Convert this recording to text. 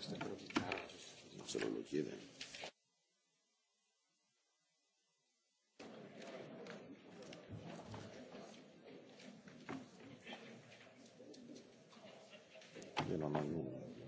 questa novità, se non lo chiede. Io non ho nulla.